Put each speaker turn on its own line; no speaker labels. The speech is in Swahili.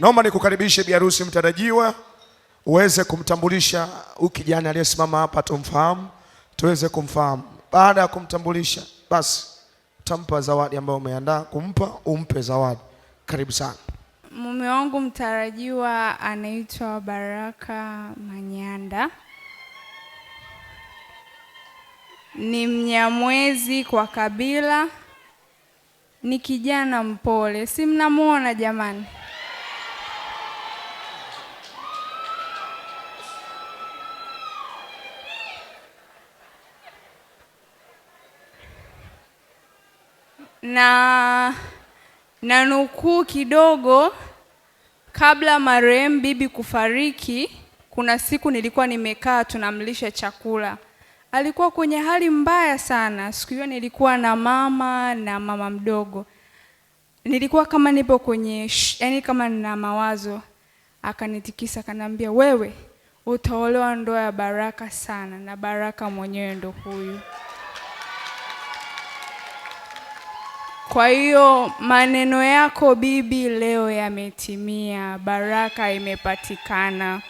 Naomba nikukaribishe bi harusi mtarajiwa, uweze kumtambulisha huyu kijana aliyesimama hapa, tumfahamu, tuweze kumfahamu. Baada ya kumtambulisha, basi utampa zawadi ambayo umeandaa kumpa, umpe zawadi. Karibu sana.
Mume wangu mtarajiwa anaitwa Baraka Manyanda, ni Mnyamwezi kwa kabila, ni kijana mpole, si mnamwona jamani? na na nukuu kidogo kabla marehemu bibi kufariki, kuna siku nilikuwa nimekaa tunamlisha chakula, alikuwa kwenye hali mbaya sana. Siku hiyo nilikuwa na mama na mama mdogo, nilikuwa kama nipo kwenye yani kama nina mawazo. Akanitikisa akaniambia, wewe utaolewa ndoa ya baraka sana, na baraka mwenyewe ndo huyu. Kwa hiyo maneno yako bibi leo yametimia, baraka imepatikana.